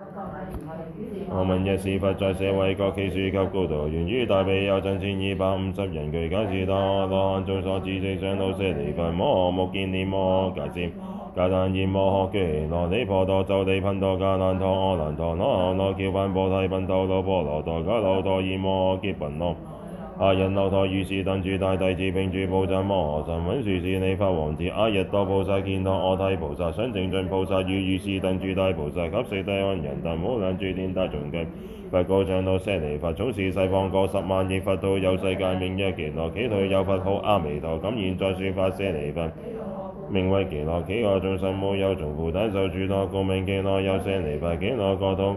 我聞。一時佛在舍衛國。祇樹給孤獨園，與大比丘僧。千二百五十人俱。皆是大阿羅漢。眾所知識，長老舍利弗。摩訶目犍連。摩訶迦葉。摩訶迦栴延。摩訶拘絺羅。離婆多。周梨槃陀迦。難陀。阿難陀。羅睺羅。憍梵波提。賓頭盧頗羅墮。迦留陀夷。摩訶劫賓那。阿㝹樓馱。如是等諸大弟子，並諸菩薩摩訶薩，文殊師利法王子。阿逸多菩薩。乾陀訶提菩薩，常精進菩薩，與如，如是等諸大菩薩，及釋提桓因等，無量諸天大眾俱。佛告長老舍利弗，從是西方，過十萬億佛土，有世界名曰極樂，其土有佛，號阿彌陀，今現在說法。舍利弗，名為極樂，其國眾生無有眾苦，但受諸樂，故名極樂。又舍利弗，極樂國土。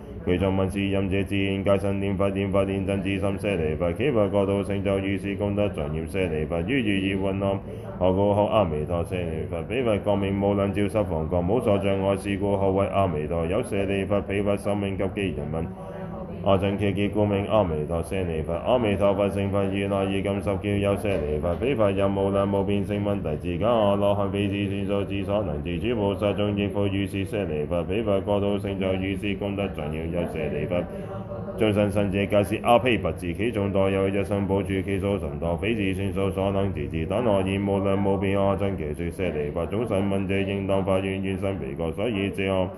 俱作，聞是音者，自然皆生念佛念法念僧之心，舍利弗，其佛國土成就如是功德莊嚴，舍利弗，於汝意云何，何故號阿彌陀？舍利弗，彼佛光明無量，照十方國，無所障礙，是故號為阿彌陀。又舍利弗，彼佛壽命及其人民。其其阿僧祇劫，故名阿彌陀。舍利弗，阿彌陀佛成佛已來，於今十劫。又舍利弗，彼佛有無量無邊聲聞弟子，皆阿羅漢，非是算數之所能知，諸菩薩眾亦復如是。舍利弗，彼佛國土成就如是功德莊嚴。又舍利弗，眾生生者皆是阿鞞跋致，其中多有一生補處，其數甚多，非是算數所能知之，但可以無量無邊阿僧祇說。舍利弗，眾生聞者應當發願，願生彼國，所以者何。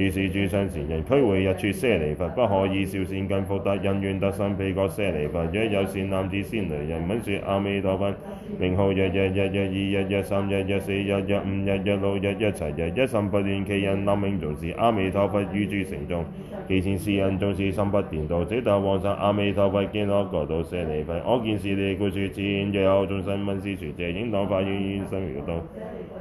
於是諸上善人俱會一處。舍利弗，不可以少善根福德因緣得生彼國。舍利弗。若有善男子、善女人聞說阿彌陀佛名號，若一日、若二日、若三日、若四日、若五日、若六日、若七日，一心不亂，其人臨命終時。阿彌陀佛與諸聖眾，其前是人終時心不顛倒，即得往生阿彌陀佛極樂國土。舍利弗。我見是利，故說此言，若有眾生聞是說者。應當發願願生彼國土。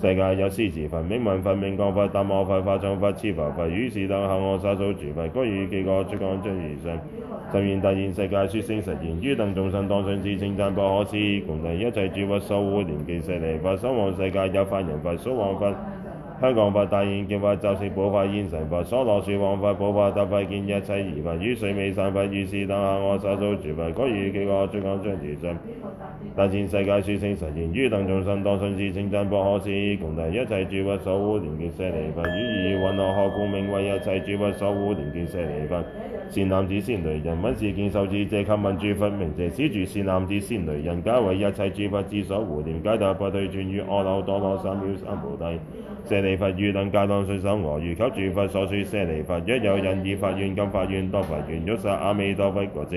世界有師子佛、名聞佛、名光佛。達摩佛，法幢佛。持法佛，諸佛法，法，法，法，法，法如是等恒河沙數諸佛，各於其國出廣長舌相三千大千世界，說誠實言，汝等眾生當信是稱讚不可思，議，功德一切諸佛所護念經。舍利弗，上方世界有梵音佛，宿王佛。香光佛。大焰肩佛，雜色寶華嚴身佛。娑羅樹王佛。寶華德佛，見一切義佛。如須彌山佛，如是等恒河沙數諸佛。各於其國。出廣長舌相，遍覆三千大千世界。說誠實言，汝等眾生。當信是稱讚不可思議功德。一切諸佛所護念經。舍利弗，於汝意云何？何故名為一切諸佛所護念經？舍利弗。善男子、善女人聞是經受持者、及聞諸佛名者，是諸善男子、善女人皆為一切諸佛之所護念，連皆得不退轉於阿耨多羅三藐三菩提。舍利弗，汝等皆當信受。我語及諸佛所說。舍利弗，若有人已發願，今發願，當發願，欲生阿彌陀佛國者。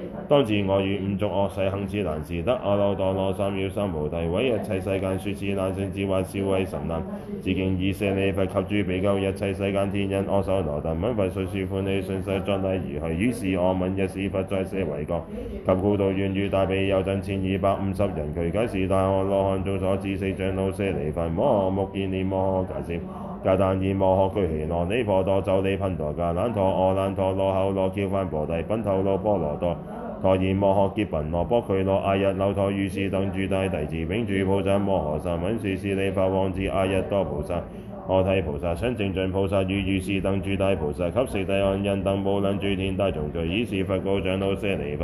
當自我與五族惡世恆之難事，得阿耨多羅三藐三菩提，為一切世間説是難勝之話，是為神難。自敬以舍利弗及諸比丘，一切世間天人。阿修羅等，滿佛隨處歡喜，迅速作禮而去。如是，我聞一時佛在舍衛國，給孤獨園與大比丘眾千二百五十人，俱皆是大阿羅漢眾所知識，長老舍利弗摩訶目犍連摩訶迦葉摩訶迦栴延摩訶拘絺羅，離婆多周梨槃陀迦難陀阿難陀羅睺羅憍梵波提賓頭盧頗羅墮。陀夷摩訶劫賓那薄俱羅阿、啊、㝹樓馱，如是等諸大弟子，並諸菩薩摩訶薩，文殊師利法王子阿、啊、逸多菩薩，乾陀訶提菩薩，常精進菩薩，與如是等諸大菩薩，及釋提桓因等，無量諸天大眾俱，爾時佛告長老舍利弗。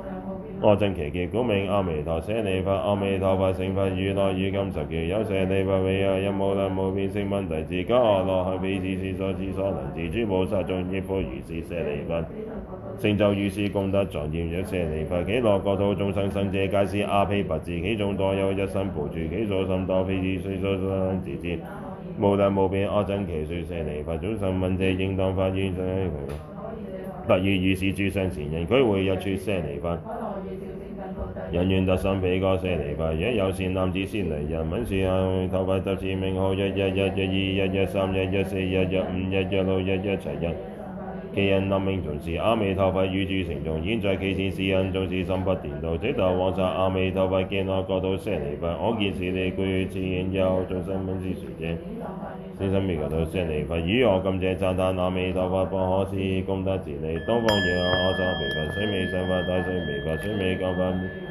阿僧祇劫。故名阿彌陀。舍利弗。阿彌陀佛成佛已來，於今十劫。又舍利弗，彼佛有無量無邊聲聞弟子，皆阿羅漢，非是算數之所能知。諸菩薩眾亦復如是。舍利弗，成就如是功德莊嚴。又舍利弗。極樂國土眾生生者，皆是阿鞞跋致。其中多有一生補處，其數甚多，非是算數所能知之。無量無邊阿僧祇說。舍利弗，眾生聞者，應當發願。得與如是諸上善人，俱會一處。舍利弗。因緣得生彼國，舍利弗，若有善男子善女人，聞說阿彌陀佛，執持名號，若一日，若二日，若三日，若四日，若五日，若六日，若七日。其人臨命終時，阿彌陀佛與諸聖眾，現在其前，是人終時，心不顛倒，即得往生阿彌陀佛極樂國土，舍利弗，我見是利，故說此言，若有眾生，聞是說者，應當發願，生彼國土，舍利弗。如我今者，讚歎阿彌陀佛不可思議功德之利。東方亦有阿閦鞞佛，須彌相佛，大須彌佛，須彌光佛。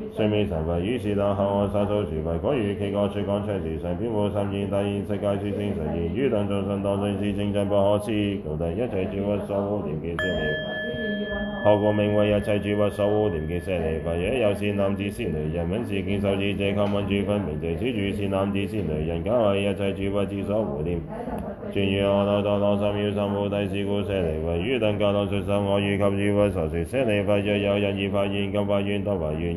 如須彌山佛，如是等恒河沙數諸佛，各於其國。出廣長舌相，遍覆三千大千世界。說誠實言。汝等眾生。當信是稱讚不可思議功德。一切諸佛所護念經。舍利，何故名為一切諸佛所護念經。舍利弗。若有善男子善女人。聞是經受持者，及聞諸佛名者，是諸，善男子善女人。皆為一切諸佛之所護念，轉於阿耨多羅三藐三菩提，是故舍利弗，汝等皆當信受我語及諸佛所說舍利弗，若有人已發願。今發願。當發願